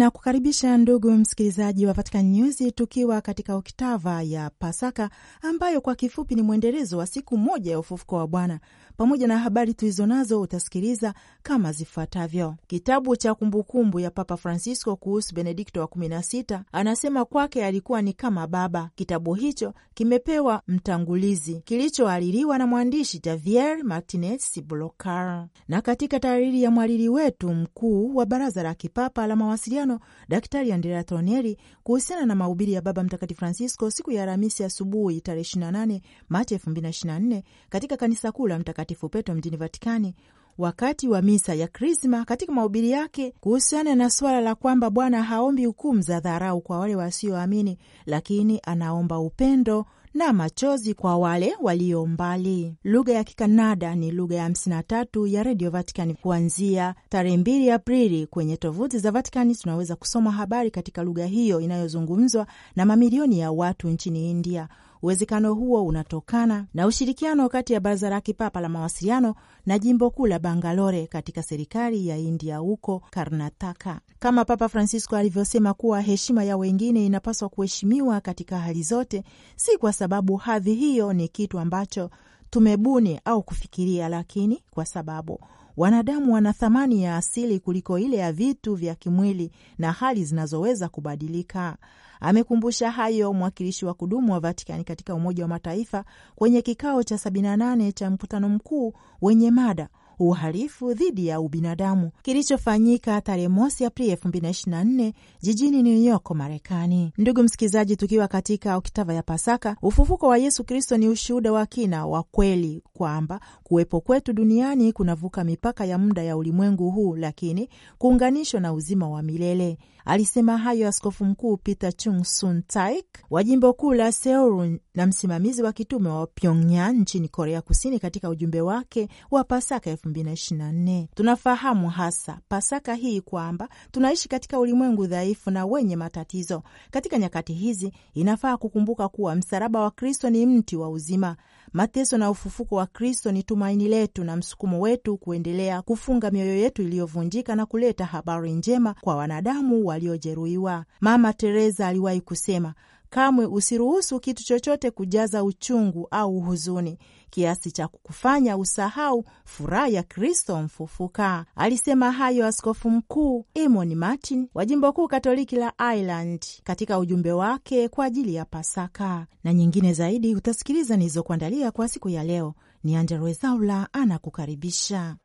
Ninakukaribisha ndugu msikilizaji wa Vatican News, tukiwa katika oktava ya Pasaka ambayo kwa kifupi ni mwendelezo wa siku moja ya ufufuko wa Bwana. Pamoja na habari tulizonazo utasikiliza kama zifuatavyo. Kitabu cha kumbukumbu ya Papa Francisco kuhusu Benedikto wa 16 anasema kwake alikuwa ni kama baba. Kitabu hicho kimepewa mtangulizi kilichohaririwa na mwandishi Javier Martinez blocar na katika tahariri ya mwaliri wetu mkuu wa Baraza la Kipapa la Mawasiliano mkutano Daktari Andrea Tronieri kuhusiana na mahubiri ya Baba Mtakatifu Francisco siku ya Alhamisi asubuhi tarehe 28 Machi 2024 katika kanisa kuu la Mtakatifu Petro mjini Vatikani wakati wa misa ya Krisma. Katika mahubiri yake kuhusiana na suala la kwamba Bwana haombi hukumu za dharau kwa wale wasioamini, lakini anaomba upendo na machozi kwa wale walio mbali. Lugha ya Kikanada ni lugha ya 53 ya redio Vatikani. Kuanzia tarehe 2 Aprili kwenye tovuti za Vatikani tunaweza kusoma habari katika lugha hiyo inayozungumzwa na mamilioni ya watu nchini India Uwezekano huo unatokana na ushirikiano kati ya Baraza la Kipapa la Mawasiliano na Jimbo Kuu la Bangalore katika serikali ya India huko Karnataka. Kama Papa Francisco alivyosema kuwa heshima ya wengine inapaswa kuheshimiwa katika hali zote, si kwa sababu hadhi hiyo ni kitu ambacho tumebuni au kufikiria, lakini kwa sababu Wanadamu wana thamani ya asili kuliko ile ya vitu vya kimwili na hali zinazoweza kubadilika. Amekumbusha hayo mwakilishi wa kudumu wa Vatikani katika Umoja wa Mataifa kwenye kikao cha 78 cha mkutano mkuu wenye mada uhalifu dhidi ya ubinadamu kilichofanyika tarehe mosi Aprili 2024 jijini New York, Marekani. Ndugu msikilizaji, tukiwa katika oktava ya Pasaka, ufufuko wa Yesu Kristo ni ushuhuda wa kina wa kweli kwamba kuwepo kwetu duniani kunavuka mipaka ya muda ya ulimwengu huu, lakini kuunganishwa na uzima wa milele. Alisema hayo Askofu Mkuu Peter Chung Sun Taik wa jimbo kuu la Seoul na msimamizi wa kitume wa Pyongyang nchini Korea Kusini katika ujumbe wake wa Pasaka 2024. Tunafahamu hasa Pasaka hii kwamba tunaishi katika ulimwengu dhaifu na wenye matatizo. Katika nyakati hizi inafaa kukumbuka kuwa msalaba wa Kristo ni mti wa uzima. Mateso na ufufuko wa Kristo ni tumaini letu na msukumo wetu kuendelea kufunga mioyo yetu iliyovunjika na kuleta habari njema kwa wanadamu waliojeruhiwa. Mama Teresa aliwahi kusema, kamwe usiruhusu kitu chochote kujaza uchungu au huzuni kiasi cha kukufanya usahau furaha ya Kristo mfufuka. Alisema hayo askofu mkuu Emon Martin wa jimbo kuu katoliki la Ireland katika ujumbe wake kwa ajili ya Pasaka. Na nyingine zaidi utasikiliza nilizokuandalia kwa siku ya leo. Ni Zaula anakukaribisha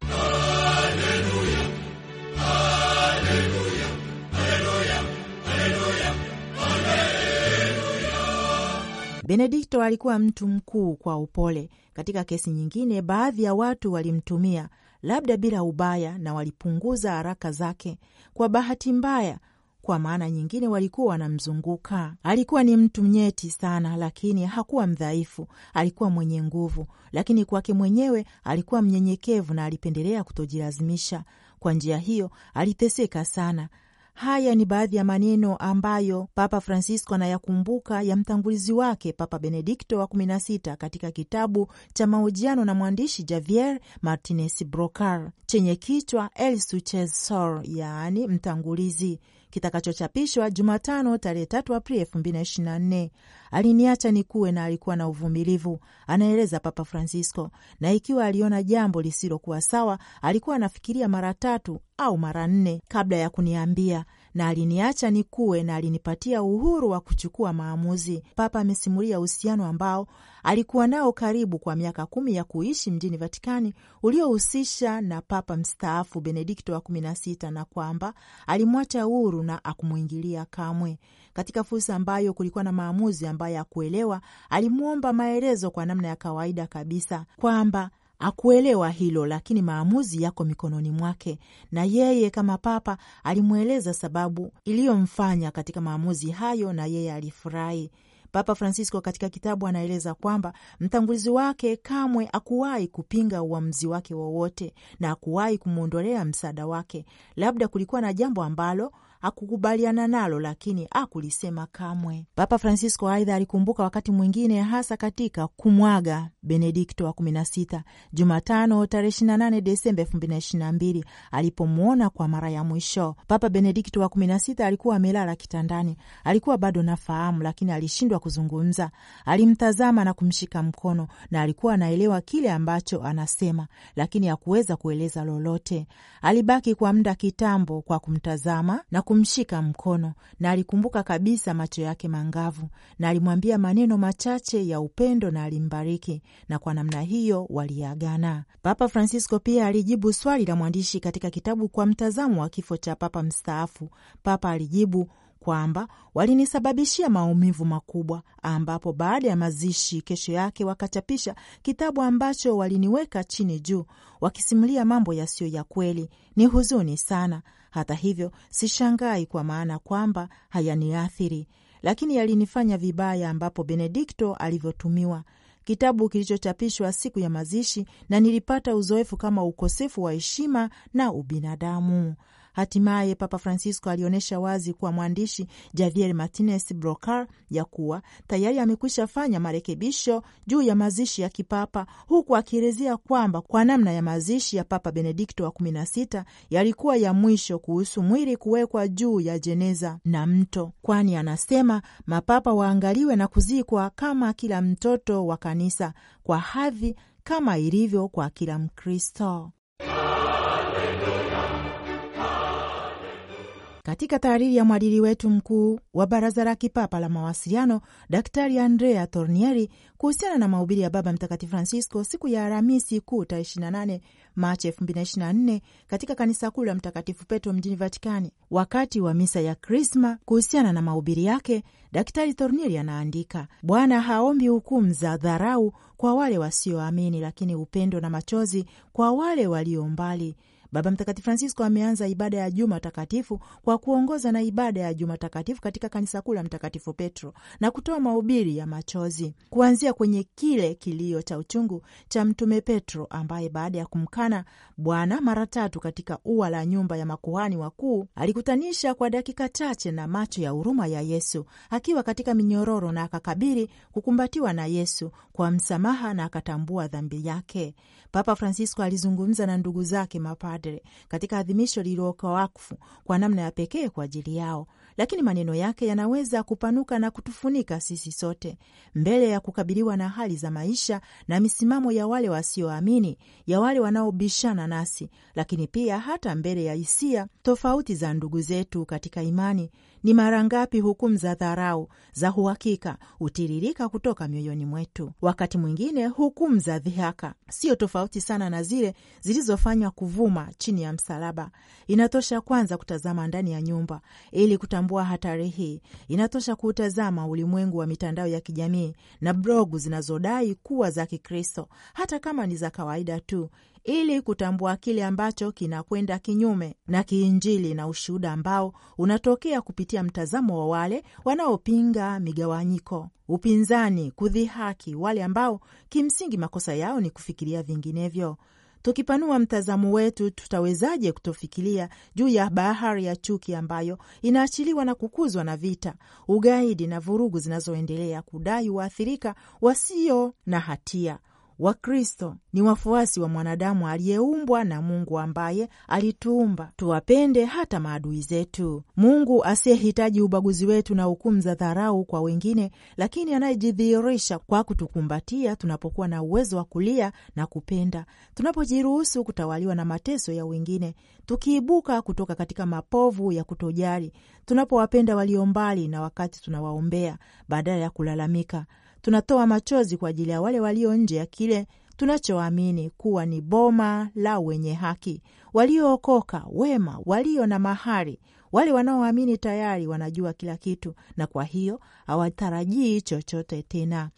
Benedikto alikuwa mtu mkuu kwa upole. Katika kesi nyingine, baadhi ya watu walimtumia labda bila ubaya na walipunguza haraka zake. Kwa bahati mbaya, kwa maana nyingine, walikuwa wanamzunguka. Alikuwa ni mtu mnyeti sana, lakini hakuwa mdhaifu. Alikuwa mwenye nguvu, lakini kwake mwenyewe alikuwa mnyenyekevu na alipendelea kutojilazimisha. Kwa njia hiyo aliteseka sana, Haya ni baadhi ya maneno ambayo Papa Francisco anayakumbuka ya mtangulizi wake Papa Benedikto wa 16 katika kitabu cha mahojiano na mwandishi Javier Martinez Brocar chenye kichwa El Successor, yaani mtangulizi kitakachochapishwa Jumatano tarehe 3 Aprili 2024. Aliniacha nikuwe na alikuwa na uvumilivu, anaeleza Papa Francisco, na ikiwa aliona jambo lisilokuwa sawa, alikuwa anafikiria mara tatu au mara nne kabla ya kuniambia na aliniacha kuwe na alinipatia uhuru wa kuchukua maamuzi. Papa amesimulia uhusiano ambao alikuwa nao karibu kwa miaka kumi ya kuishi mjini Vatikani, uliohusisha na papa mstaafu Benedikto wa kumi na sita, na kwamba alimwacha uhuru na akumwingilia kamwe. Katika fursa ambayo kulikuwa na maamuzi ambayo akuelewa, alimwomba maelezo kwa namna ya kawaida kabisa kwamba Akuelewa hilo, lakini maamuzi yako mikononi mwake, na yeye kama papa alimweleza sababu iliyomfanya katika maamuzi hayo, na yeye alifurahi. Papa Francisco katika kitabu anaeleza kwamba mtangulizi wake kamwe akuwahi kupinga uamuzi wake wowote na akuwahi kumwondolea msaada wake. Labda kulikuwa na jambo ambalo akukubaliana nalo, lakini akulisema kamwe. Papa Francisco aidha alikumbuka wakati mwingine, hasa katika kumwaga Benedikto wa kumi na sita Jumatano tarehe 28 Desemba 2022 alipomwona kwa mara ya mwisho. Papa Benedikto wa kumi na sita alikuwa amelala kitandani, alikuwa bado nafahamu, lakini alishindwa kuzungumza. Alimtazama na kumshika mkono, na alikuwa anaelewa kile ambacho anasema, lakini hakuweza kueleza lolote. Alibaki kwa muda kitambo kwa kumtazama na kum kumshika mkono na alikumbuka kabisa macho yake mangavu, na alimwambia maneno machache ya upendo na alimbariki, na kwa namna hiyo waliagana. Papa Francisco pia alijibu swali la mwandishi katika kitabu kwa mtazamo wa kifo cha papa mstaafu. Papa alijibu kwamba walinisababishia maumivu makubwa, ambapo baada ya mazishi kesho yake wakachapisha kitabu ambacho waliniweka chini juu, wakisimulia mambo yasiyo ya kweli. Ni huzuni sana hata hivyo, sishangai kwa maana kwamba hayaniathiri, lakini yalinifanya vibaya, ambapo Benedikto alivyotumiwa kitabu kilichochapishwa siku ya mazishi, na nilipata uzoefu kama ukosefu wa heshima na ubinadamu. Hatimaye Papa Francisco alionyesha wazi kwa mwandishi Javier Martinez Brocar ya kuwa tayari amekwisha fanya marekebisho juu ya mazishi ya kipapa, huku akielezea kwamba kwa namna ya mazishi ya Papa Benedikto wa kumi na sita yalikuwa ya mwisho kuhusu mwili kuwekwa juu ya jeneza na mto, kwani anasema mapapa waangaliwe na kuzikwa kama kila mtoto wa kanisa kwa hadhi kama ilivyo kwa kila Mkristo. Katika taariri ya mwadili wetu mkuu wa Baraza la Kipapa la Mawasiliano, Daktari Andrea Tornieri, kuhusiana na mahubiri ya Baba Mtakatifu Francisco siku ya Alhamisi Kuu tarehe 28 Machi 2024 katika Kanisa Kuu la Mtakatifu Petro mjini Vatikani, wakati wa misa ya Krisma. Kuhusiana na mahubiri yake, Daktari Tornieri anaandika: Bwana haombi hukumu za dharau kwa wale wasioamini, lakini upendo na machozi kwa wale walio mbali Baba Mtakatifu Francisco ameanza ibada ya Juma Takatifu kwa kuongoza na ibada ya Juma Takatifu katika kanisa kuu la Mtakatifu Petro na kutoa mahubiri ya machozi, kuanzia kwenye kile kilio cha uchungu cha Mtume Petro ambaye baada ya kumkana Bwana mara tatu katika ua la nyumba ya makuhani wakuu alikutanisha kwa dakika chache na macho ya huruma ya Yesu akiwa katika minyororo na akakabiri kukumbatiwa na Yesu kwa msamaha na akatambua dhambi yake. Papa Francisco alizungumza na ndugu zake mapa Padre katika adhimisho lililokuwa wakfu kwa namna ya pekee kwa ajili yao lakini maneno yake yanaweza kupanuka na kutufunika sisi sote mbele ya kukabiliwa na hali za maisha na misimamo ya wale wasioamini, ya wale wanaobishana nasi, lakini pia hata mbele ya hisia tofauti za ndugu zetu katika imani. Ni mara ngapi hukumu za dharau za uhakika hutiririka kutoka mioyoni mwetu? Wakati mwingine hukumu za dhihaka sio tofauti sana na zile zilizofanywa kuvuma chini ya msalaba. Inatosha kwanza kutazama ndani ya nyumba ili kuta kutambua hatari hii, inatosha kuutazama ulimwengu wa mitandao ya kijamii na blogu zinazodai kuwa za Kikristo, hata kama ni za kawaida tu, ili kutambua kile ambacho kinakwenda kinyume na kiinjili na ushuhuda ambao unatokea kupitia mtazamo wa wale wanaopinga migawanyiko, upinzani, kudhihaki wale ambao kimsingi makosa yao ni kufikiria vinginevyo. Tukipanua mtazamo wetu, tutawezaje kutofikiria juu ya bahari ya chuki ambayo inaachiliwa na kukuzwa na vita, ugaidi na vurugu zinazoendelea kudai waathirika wasio na hatia Wakristo ni wafuasi wa mwanadamu aliyeumbwa na Mungu ambaye alituumba tuwapende hata maadui zetu. Mungu asiyehitaji ubaguzi wetu na hukumu za dharau kwa wengine, lakini anayejidhihirisha kwa kutukumbatia tunapokuwa na uwezo wa kulia na kupenda, tunapojiruhusu kutawaliwa na mateso ya wengine, tukiibuka kutoka katika mapovu ya kutojali, tunapowapenda walio mbali na wakati tunawaombea badala ya kulalamika tunatoa machozi kwa ajili ya wale walio nje ya kile tunachoamini kuwa ni boma la wenye haki, waliookoka, wema, walio na mahari, wale wanaoamini tayari wanajua kila kitu na kwa hiyo hawatarajii chochote tena.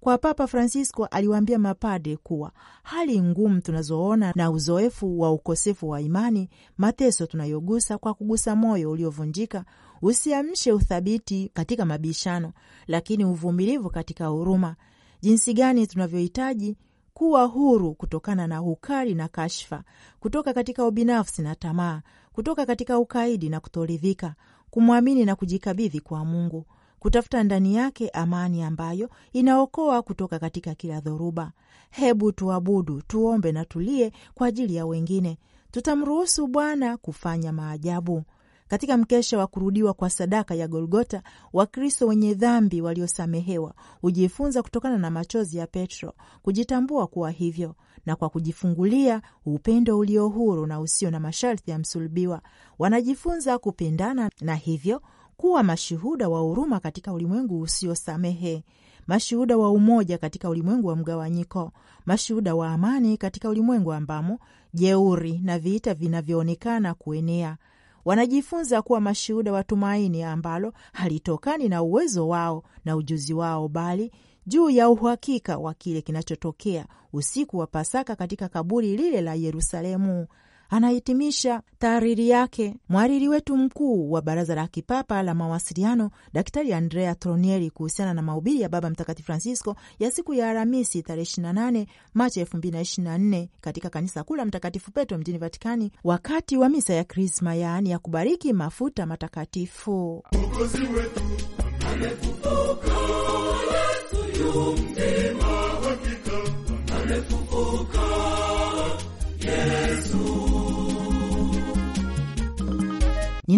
Kwa Papa Francisco aliwaambia mapadri kuwa hali ngumu tunazoona na uzoefu wa ukosefu wa imani, mateso tunayogusa kwa kugusa moyo uliovunjika usiamshe uthabiti katika mabishano, lakini uvumilivu katika huruma. Jinsi gani tunavyohitaji kuwa huru kutokana na ukali na kashfa, kutoka katika ubinafsi na tamaa, kutoka katika ukaidi na kutoridhika, kumwamini na kujikabidhi kwa Mungu, kutafuta ndani yake amani ambayo inaokoa kutoka katika kila dhoruba. Hebu tuabudu, tuombe na tulie kwa ajili ya wengine. Tutamruhusu Bwana kufanya maajabu. Katika mkesha wa kurudiwa kwa sadaka ya Golgota, Wakristo wenye dhambi waliosamehewa hujifunza kutokana na machozi ya Petro kujitambua kuwa hivyo, na kwa kujifungulia upendo ulio huru na usio na masharti ya msulubiwa, wanajifunza kupendana na hivyo kuwa mashuhuda wa huruma katika ulimwengu usiosamehe, mashuhuda wa umoja katika ulimwengu wa mgawanyiko, mashuhuda wa amani katika ulimwengu ambamo jeuri na vita vinavyoonekana kuenea wanajifunza kuwa mashuhuda wa tumaini ambalo halitokani na uwezo wao na ujuzi wao, bali juu ya uhakika wa kile kinachotokea usiku wa Pasaka katika kaburi lile la Yerusalemu Anahitimisha taariri yake mhariri wetu mkuu wa Baraza la Kipapa la Mawasiliano, Daktari Andrea Tronieri, kuhusiana na mahubiri ya Baba Mtakatifu Francisco ya siku ya Alhamisi tarehe 28 Machi 2024 katika Kanisa Kuu la Mtakatifu Petro mjini Vatikani, wakati wa misa ya Krisma, yaani ya kubariki mafuta matakatifu. Mwokozi wetu amefufuka, Yesu yu mzima.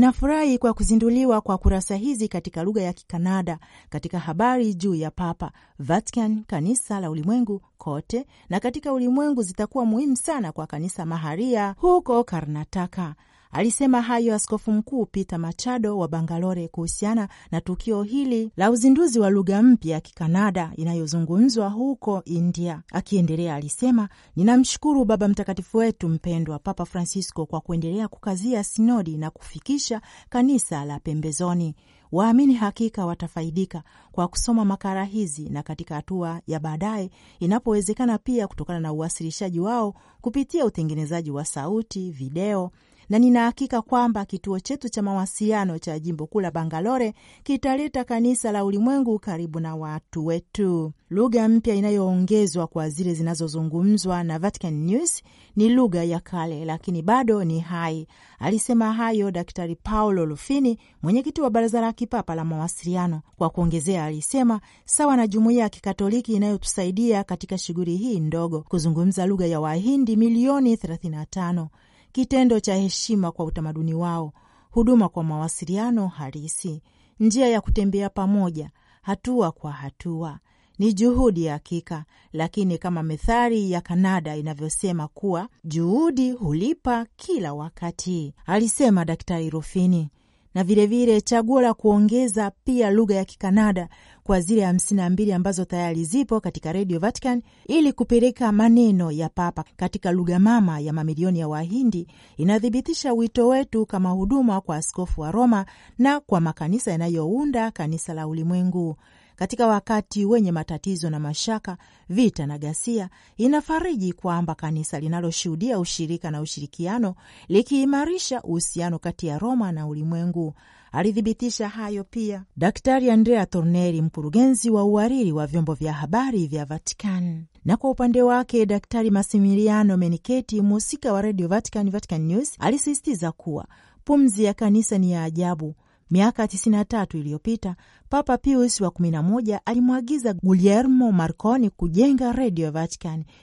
Ninafurahi kwa kuzinduliwa kwa kurasa hizi katika lugha ya Kikanada katika habari juu ya Papa, Vatican, kanisa la ulimwengu kote na katika ulimwengu zitakuwa muhimu sana kwa kanisa maharia huko Karnataka. Alisema hayo Askofu Mkuu Peter Machado wa Bangalore kuhusiana na tukio hili la uzinduzi wa lugha mpya ya Kikanada inayozungumzwa huko India. Akiendelea alisema, ninamshukuru Baba Mtakatifu wetu mpendwa Papa Francisco kwa kuendelea kukazia sinodi na kufikisha kanisa la pembezoni Waamini hakika watafaidika kwa kusoma makala hizi na katika hatua ya baadaye inapowezekana, pia kutokana na uwasilishaji wao kupitia utengenezaji wa sauti, video na ninahakika kwamba kituo chetu cha mawasiliano cha jimbo kuu la Bangalore kitaleta kanisa la ulimwengu karibu na watu wetu. Lugha mpya inayoongezwa kwa zile zinazozungumzwa na Vatican News ni lugha ya kale, lakini bado ni hai. Alisema hayo Daktari Paolo Lufini, mwenyekiti wa Baraza la Kipapa la Mawasiliano. Kwa kuongezea, alisema sawa na jumuiya ya Kikatoliki inayotusaidia katika shughuli hii ndogo kuzungumza lugha ya Wahindi milioni 35 kitendo cha heshima kwa utamaduni wao, huduma kwa mawasiliano halisi, njia ya kutembea pamoja hatua kwa hatua. Ni juhudi ya hakika, lakini kama methali ya Kanada inavyosema kuwa juhudi hulipa kila wakati, alisema Daktari Rufini. Na vilevile chaguo la kuongeza pia lugha ya Kikanada kwa zile hamsini mbili ambazo tayari zipo katika redio Vatican ili kupeleka maneno ya Papa katika lugha mama ya mamilioni ya Wahindi, inathibitisha wito wetu kama huduma kwa askofu wa Roma na kwa makanisa yanayounda kanisa la ulimwengu katika wakati wenye matatizo na mashaka, vita na ghasia, inafariji kwamba kanisa linaloshuhudia ushirika na ushirikiano likiimarisha uhusiano kati ya Roma na ulimwengu alithibitisha hayo pia Daktari Andrea torneri mkurugenzi wa uhariri wa vyombo vya habari vya Vatican. Na kwa upande wake Daktari Massimiliano meniketi mhusika wa Radio Vatican, Vatican News, alisisitiza kuwa pumzi ya kanisa ni ya ajabu Miaka 93 iliyopita Papa Pius wa 11 alimwagiza Guglielmo Marconi kujenga redio ya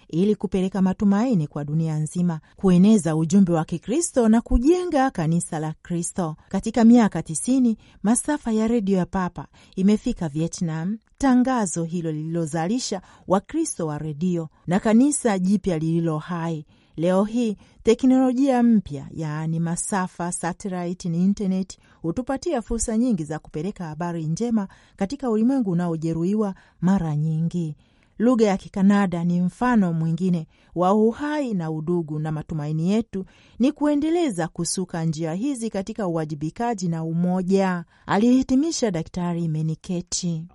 ili kupeleka matumaini kwa dunia nzima, kueneza ujumbe wa Kikristo na kujenga kanisa la Kristo. Katika miaka 90 masafa ya redio ya Papa imefika Vietnam, tangazo hilo lililozalisha Wakristo wa redio na kanisa jipya lililo hai Leo hii teknolojia mpya yaani masafa satelaiti na intaneti hutupatia fursa nyingi za kupeleka habari njema katika ulimwengu unaojeruhiwa mara nyingi. Lugha ya Kikanada ni mfano mwingine wa uhai na udugu, na matumaini yetu ni kuendeleza kusuka njia hizi katika uwajibikaji na umoja, aliyehitimisha Daktari Meniketi.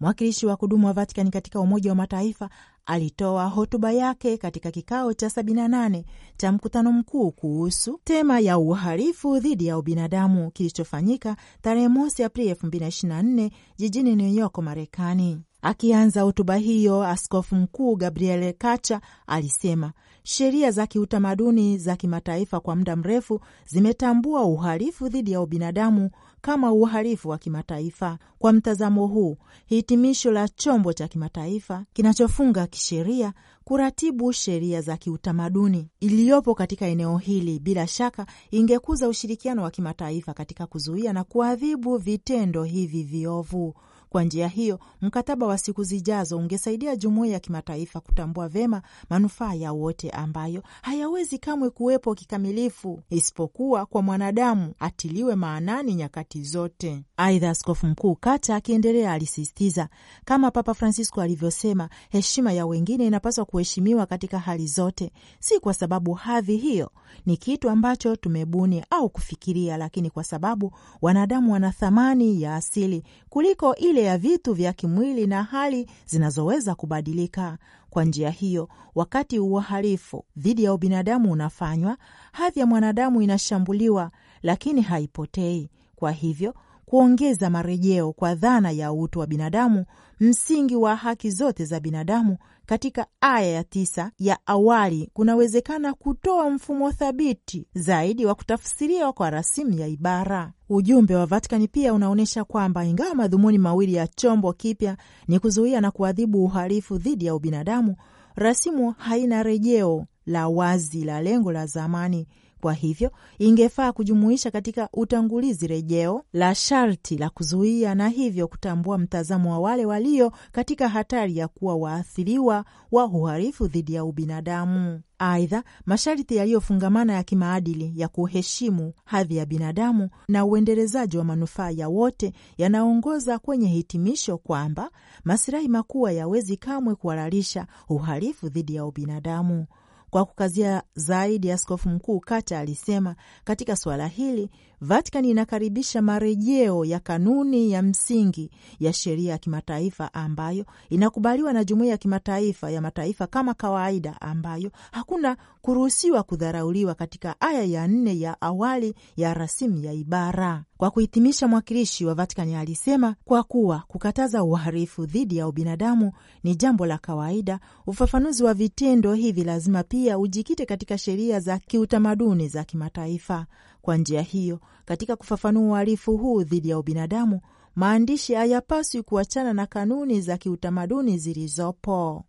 mwakilishi wa kudumu wa Vatikani katika Umoja wa Mataifa alitoa hotuba yake katika kikao cha 78 cha mkutano mkuu kuhusu tema ya uhalifu dhidi ya ubinadamu kilichofanyika tarehe mosi Aprili 2024 jijini New York, Marekani. Akianza hotuba hiyo, askofu mkuu Gabriel Kacha alisema sheria za kiutamaduni za kimataifa kwa muda mrefu zimetambua uhalifu dhidi ya ubinadamu kama uhalifu wa kimataifa. Kwa mtazamo huu, hitimisho la chombo cha kimataifa kinachofunga kisheria kuratibu sheria za kiutamaduni iliyopo katika eneo hili, bila shaka ingekuza ushirikiano wa kimataifa katika kuzuia na kuadhibu vitendo hivi viovu. Kwa njia hiyo, mkataba wa siku zijazo ungesaidia jumuiya ya kimataifa kutambua vema manufaa ya wote ambayo hayawezi kamwe kuwepo kikamilifu isipokuwa kwa mwanadamu atiliwe maanani nyakati zote. Aidha, askofu mkuu Kata akiendelea alisisitiza, kama Papa Francisco alivyosema, heshima ya wengine inapaswa kuheshimiwa katika hali zote, si kwa sababu hadhi hiyo ni kitu ambacho tumebuni au kufikiria, lakini kwa sababu wanadamu wana thamani ya asili kuliko ile ile ya vitu vya kimwili na hali zinazoweza kubadilika. Kwa njia hiyo, wakati uhalifu dhidi ya ubinadamu unafanywa, hadhi ya mwanadamu inashambuliwa, lakini haipotei. Kwa hivyo kuongeza marejeo kwa dhana ya utu wa binadamu msingi wa haki zote za binadamu katika aya ya tisa ya awali kunawezekana kutoa mfumo thabiti zaidi wa kutafsiriwa kwa rasimu ya ibara. Ujumbe wa Vatikani pia unaonyesha kwamba ingawa madhumuni mawili ya chombo kipya ni kuzuia na kuadhibu uhalifu dhidi ya ubinadamu, rasimu haina rejeo la wazi la lengo la zamani kwa hivyo ingefaa kujumuisha katika utangulizi rejeo la sharti la kuzuia na hivyo kutambua mtazamo wa wale walio katika hatari ya kuwa waathiriwa wa uhalifu dhidi ya ubinadamu. Aidha, masharti yaliyofungamana ya kimaadili ya kuheshimu hadhi ya binadamu na uendelezaji wa manufaa ya wote yanaongoza kwenye hitimisho kwamba masilahi makuu hayawezi kamwe kuhalalisha uhalifu dhidi ya ubinadamu. Kwa kukazia zaidi, askofu mkuu Kata alisema katika suala hili Vatican inakaribisha marejeo ya kanuni ya msingi ya sheria ya kimataifa ambayo inakubaliwa na jumuiya ya kimataifa ya mataifa kama kawaida, ambayo hakuna kuruhusiwa kudharauliwa katika aya ya nne ya awali ya rasimu ya ibara kwa kuhitimisha, mwakilishi wa Vatikani alisema kwa kuwa kukataza uharifu dhidi ya ubinadamu ni jambo la kawaida, ufafanuzi wa vitendo hivi lazima pia ujikite katika sheria za kiutamaduni za kimataifa. Kwa njia hiyo, katika kufafanua uharifu huu dhidi ya ubinadamu, maandishi hayapaswi kuachana na kanuni za kiutamaduni zilizopo.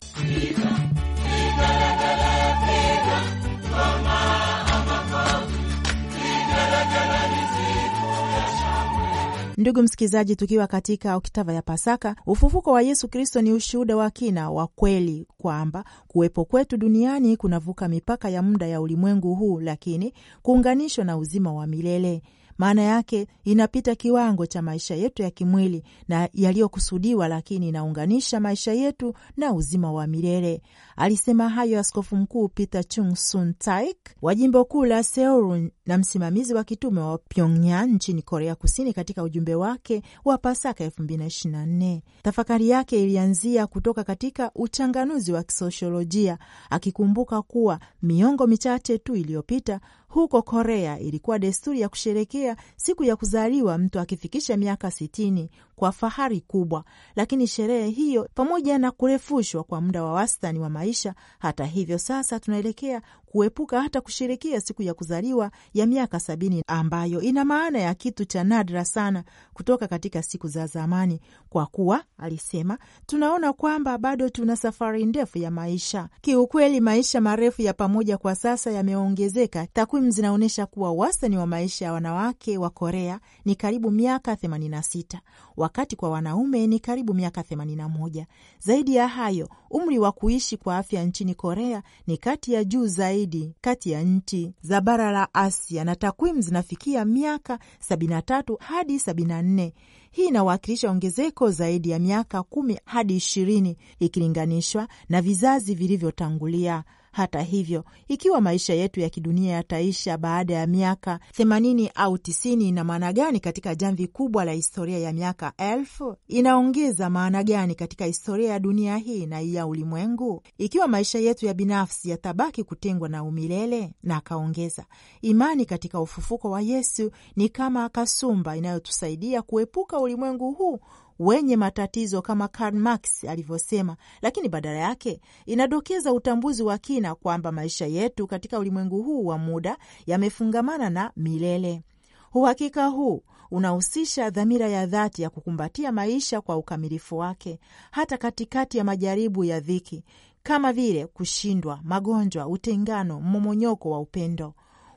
Ndugu msikilizaji, tukiwa katika oktava ya Pasaka, ufufuko wa Yesu Kristo ni ushuhuda wa kina wa kweli kwamba kuwepo kwetu duniani kunavuka mipaka ya muda ya ulimwengu huu, lakini kuunganishwa na uzima wa milele maana yake inapita kiwango cha maisha yetu ya kimwili na yaliyokusudiwa, lakini inaunganisha maisha yetu na uzima wa milele. Alisema hayo Askofu Mkuu Peter Chung Sun Taik wa jimbo kuu la Seoul na msimamizi wa kitume wa Pyongyang nchini Korea Kusini katika ujumbe wake wa Pasaka 2024. Tafakari yake ilianzia kutoka katika uchanganuzi wa kisosiolojia, akikumbuka kuwa miongo michache tu iliyopita huko Korea ilikuwa desturi ya kusherekea siku ya kuzaliwa mtu akifikisha miaka sitini kwa fahari kubwa, lakini sherehe hiyo pamoja na kurefushwa kwa muda wa wastani wa maisha maisha. Hata hivyo, sasa tunaelekea kuepuka hata kushirikia siku ya kuzaliwa ya miaka sabini ambayo ina maana ya kitu cha nadra sana kutoka katika siku za zamani, kwa kuwa alisema, tunaona kwamba bado tuna safari ndefu ya maisha. Kiukweli, maisha marefu ya pamoja kwa sasa yameongezeka. Takwimu zinaonyesha kuwa wastani wa maisha ya wanawake wa Korea ni karibu miaka 86 wakati kwa wanaume ni karibu miaka 81. Zaidi ya hayo, umri wa kuishi kwa afya nchini Korea ni kati ya juu zaidi zaidi kati ya nchi za bara la Asia na takwimu zinafikia miaka 73 hadi 74. Hii inawakilisha ongezeko zaidi ya miaka kumi hadi ishirini ikilinganishwa na vizazi vilivyotangulia. Hata hivyo, ikiwa maisha yetu ya kidunia yataisha baada ya miaka themanini au tisini, ina maana gani katika jamvi kubwa la historia ya miaka elfu? Inaongeza maana gani katika historia ya dunia hii na ya ulimwengu, ikiwa maisha yetu ya binafsi yatabaki kutengwa na umilele? Na akaongeza, imani katika ufufuko wa Yesu ni kama kasumba inayotusaidia kuepuka ulimwengu huu wenye matatizo kama Karl Marx alivyosema, lakini badala yake inadokeza utambuzi wa kina kwamba maisha yetu katika ulimwengu huu wa muda yamefungamana na milele. Uhakika huu unahusisha dhamira ya dhati ya kukumbatia maisha kwa ukamilifu wake hata katikati ya majaribu ya dhiki kama vile kushindwa, magonjwa, utengano, mmomonyoko wa upendo.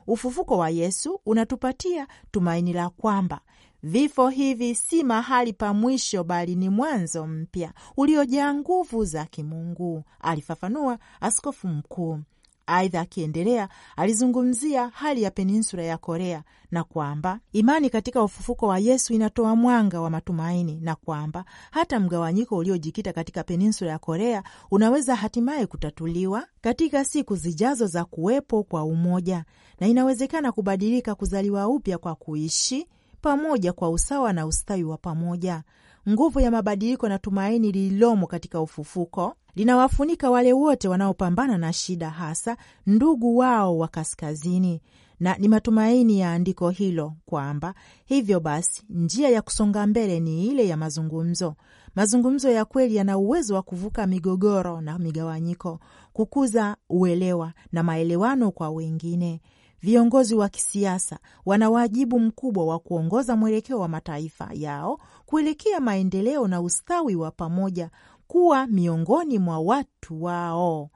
Ufufuko wa Yesu unatupatia tumaini la kwamba Vifo hivi si mahali pa mwisho, bali ni mwanzo mpya uliojaa nguvu za kimungu, alifafanua askofu mkuu. Aidha, akiendelea alizungumzia hali ya peninsula ya Korea na kwamba imani katika ufufuko wa Yesu inatoa mwanga wa matumaini na kwamba hata mgawanyiko uliojikita katika peninsula ya Korea unaweza hatimaye kutatuliwa katika siku zijazo za kuwepo kwa umoja, na inawezekana kubadilika, kuzaliwa upya kwa kuishi pamoja kwa usawa na ustawi wa pamoja. Nguvu ya mabadiliko na tumaini lililomo katika ufufuko linawafunika wale wote wanaopambana na shida, hasa ndugu wao wa kaskazini, na ni matumaini ya andiko hilo kwamba hivyo basi njia ya kusonga mbele ni ile ya mazungumzo. Mazungumzo ya kweli yana uwezo wa kuvuka migogoro na migawanyiko, kukuza uelewa na maelewano kwa wengine. Viongozi wa kisiasa wana wajibu mkubwa wa kuongoza mwelekeo wa mataifa yao kuelekea maendeleo na ustawi wa pamoja kuwa miongoni mwa watu wao.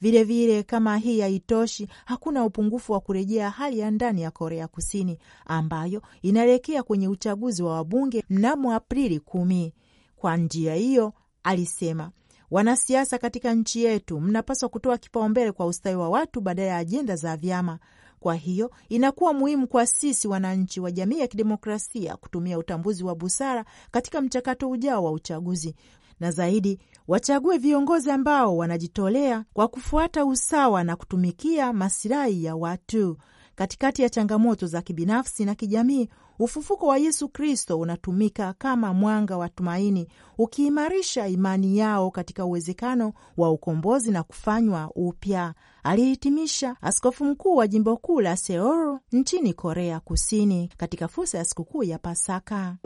Vilevile vile, kama hii haitoshi, hakuna upungufu wa kurejea hali ya ndani ya Korea Kusini ambayo inaelekea kwenye uchaguzi wa wabunge mnamo Aprili kumi. Kwa njia hiyo, alisema wanasiasa katika nchi yetu mnapaswa kutoa kipaumbele kwa ustawi wa watu badala ya ajenda za vyama. Kwa hiyo inakuwa muhimu kwa sisi wananchi wa jamii ya kidemokrasia kutumia utambuzi wa busara katika mchakato ujao wa uchaguzi, na zaidi wachague viongozi ambao wanajitolea kwa kufuata usawa na kutumikia masilahi ya watu katikati ya changamoto za kibinafsi na kijamii Ufufuko wa Yesu Kristo unatumika kama mwanga wa tumaini, ukiimarisha imani yao katika uwezekano wa ukombozi na kufanywa upya, alihitimisha askofu mkuu wa jimbo kuu la Seoul nchini Korea Kusini katika fursa ya sikukuu ya Pasaka.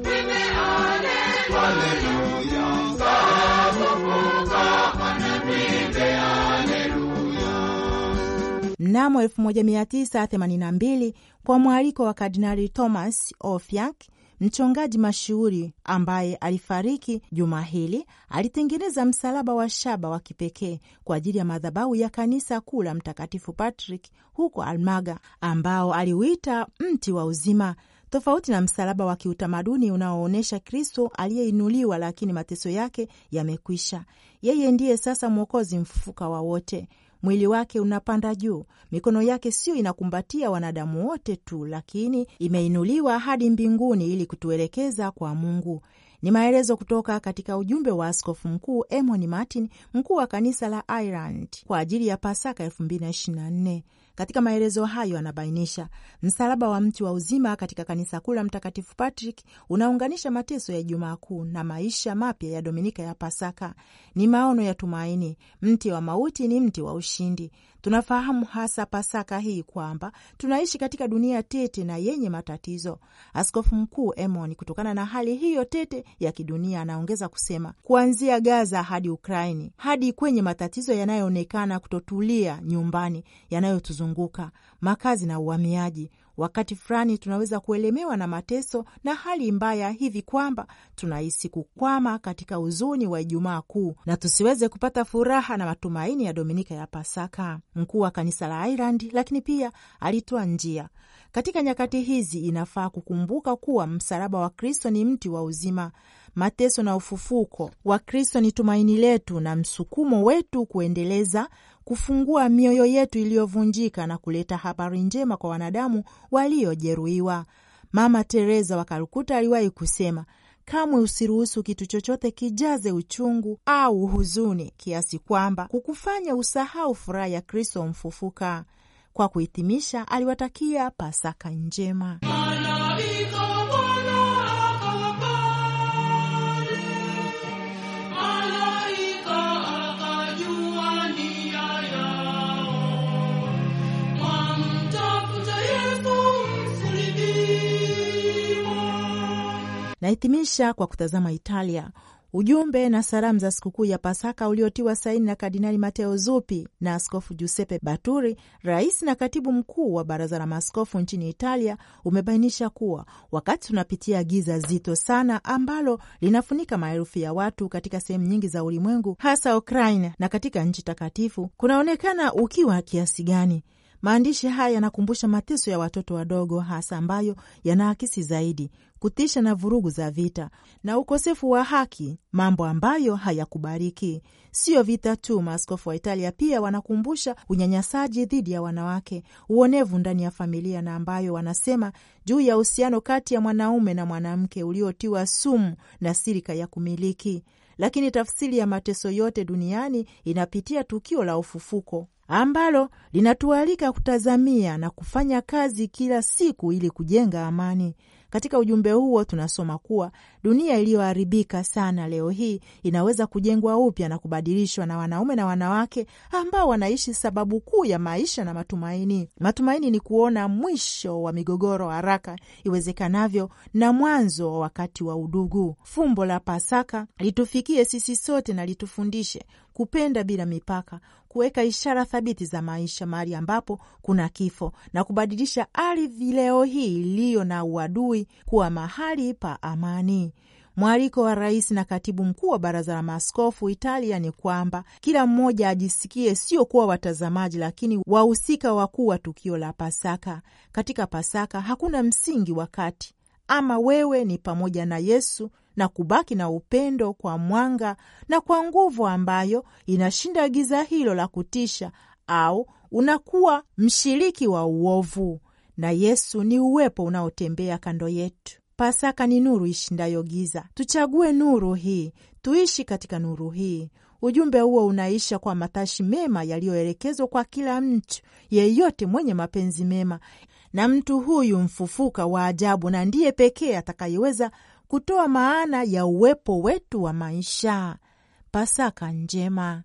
Mnamo 1982 kwa mwaliko wa Kardinali Thomas ofiak mchongaji mashuhuri ambaye alifariki juma hili, alitengeneza msalaba wa shaba wa kipekee kwa ajili ya madhabahu ya kanisa kuu la Mtakatifu Patrick huko Almaga, ambao aliuita mti wa uzima. Tofauti na msalaba wa kiutamaduni unaoonyesha Kristo aliyeinuliwa, lakini mateso yake yamekwisha, yeye ndiye sasa mwokozi mfufuka wa wote. Mwili wake unapanda juu, mikono yake siyo inakumbatia wanadamu wote tu, lakini imeinuliwa hadi mbinguni ili kutuelekeza kwa Mungu. Ni maelezo kutoka katika ujumbe wa Askofu Mkuu Emon Martin, mkuu wa kanisa la Ireland, kwa ajili ya Pasaka 2024. Katika maelezo hayo anabainisha msalaba wa mti wa uzima katika kanisa kuu la Mtakatifu Patrick unaunganisha mateso ya Ijumaa Kuu na maisha mapya ya Dominika ya Pasaka. Ni maono ya tumaini. Mti wa mauti ni mti wa ushindi. Tunafahamu hasa Pasaka hii kwamba tunaishi katika dunia tete na yenye matatizo. Askofu Mkuu Emon, kutokana na hali hiyo tete ya kidunia, anaongeza kusema, kuanzia Gaza hadi Ukraini, hadi kwenye matatizo yanayoonekana kutotulia nyumbani, yanayotuzunguka makazi na uhamiaji Wakati fulani tunaweza kuelemewa na mateso na hali mbaya hivi kwamba tunahisi kukwama katika huzuni wa Ijumaa Kuu na tusiweze kupata furaha na matumaini ya Dominika ya Pasaka. Mkuu wa kanisa la Ireland lakini pia alitoa njia katika nyakati hizi. Inafaa kukumbuka kuwa msalaba wa Kristo ni mti wa uzima. Mateso na ufufuko wa Kristo ni tumaini letu na msukumo wetu kuendeleza kufungua mioyo yetu iliyovunjika na kuleta habari njema kwa wanadamu waliojeruhiwa. Mama Teresa wa Kalkuta aliwahi kusema, kamwe usiruhusu kitu chochote kijaze uchungu au huzuni kiasi kwamba kukufanya usahau furaha ya Kristo mfufuka. Kwa kuhitimisha, aliwatakia Pasaka njema. Nahitimisha kwa kutazama Italia, ujumbe na salamu za sikukuu ya Pasaka uliotiwa saini na Kardinali Mateo zupi na Askofu Giuseppe Baturi, rais na katibu mkuu wa baraza la maaskofu nchini Italia, umebainisha kuwa wakati tunapitia giza zito sana ambalo linafunika maelfu ya watu katika sehemu nyingi za ulimwengu, hasa ukraina na katika nchi takatifu, kunaonekana ukiwa kiasi gani Maandishi haya yanakumbusha mateso ya watoto wadogo, hasa ambayo yanaakisi zaidi kutisha na vurugu za vita na ukosefu wa haki, mambo ambayo hayakubariki. Siyo vita tu, maaskofu wa Italia pia wanakumbusha unyanyasaji dhidi ya wanawake, uonevu ndani ya familia, na ambayo wanasema juu ya uhusiano kati ya mwanaume na mwanamke uliotiwa sumu na sirika ya kumiliki. Lakini tafsiri ya mateso yote duniani inapitia tukio la ufufuko ambalo linatualika kutazamia na kufanya kazi kila siku ili kujenga amani. Katika ujumbe huo tunasoma kuwa dunia iliyoharibika sana leo hii inaweza kujengwa upya na kubadilishwa na wanaume na wanawake ambao wanaishi sababu kuu ya maisha na matumaini. Matumaini ni kuona mwisho wa migogoro haraka iwezekanavyo na mwanzo wa wakati wa udugu. Fumbo la Pasaka litufikie sisi sote na litufundishe kupenda bila mipaka, kuweka ishara thabiti za maisha mahali ambapo kuna kifo na kubadilisha ardhi leo hii iliyo na uadui kuwa mahali pa amani. Mwaliko wa rais na katibu mkuu wa baraza la maaskofu Italia ni kwamba kila mmoja ajisikie sio kuwa watazamaji, lakini wahusika wakuu wa tukio la Pasaka. Katika Pasaka hakuna msingi wakati, ama wewe ni pamoja na Yesu na kubaki na upendo kwa mwanga na kwa nguvu ambayo inashinda giza hilo la kutisha, au unakuwa mshiriki wa uovu. Na Yesu ni uwepo unaotembea kando yetu. Pasaka ni nuru ishindayo giza. Tuchague nuru hii, tuishi katika nuru hii. Ujumbe huo unaisha kwa matashi mema yaliyoelekezwa kwa kila mtu yeyote mwenye mapenzi mema, na mtu huyu mfufuka wa ajabu na ndiye pekee atakayeweza kutoa maana ya uwepo wetu wa maisha. Pasaka njema.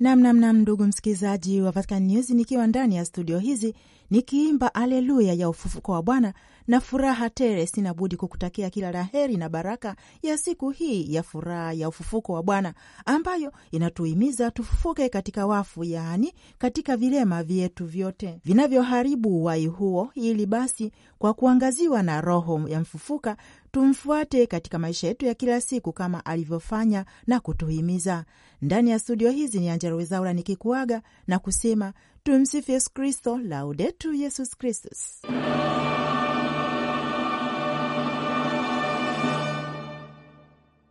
Namnamnam, ndugu msikilizaji wa Vatican News, nikiwa ndani ya studio hizi nikiimba aleluya ya ufufuko wa Bwana na furaha tele, sina budi kukutakia kila la heri na baraka ya siku hii ya furaha ya ufufuko wa Bwana ambayo inatuhimiza tufufuke katika wafu, yaani katika vilema vyetu vyote vinavyoharibu uhai huo, ili basi kwa kuangaziwa na Roho ya mfufuka tumfuate katika maisha yetu ya kila siku kama alivyofanya na kutuhimiza. Ndani ya studio hizi ni Angella Rwezaura nikikuaga na kusema tumsifu Yesu Kristo, laudetu Yesus Kristus.